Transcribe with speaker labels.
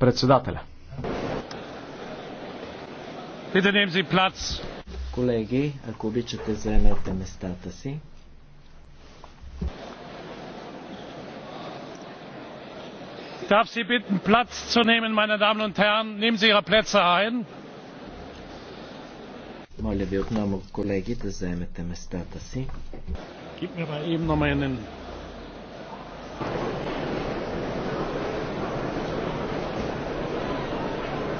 Speaker 1: Председателя. Колеги, ако обичате, заемете местата
Speaker 2: си. darf sie bitten platz zu nehmen meine damen und herren. nehmen sie ihre plätze ein.
Speaker 3: Моля ви отново, колеги, да заемете
Speaker 4: местата си. Gib mir mal eben noch mal einen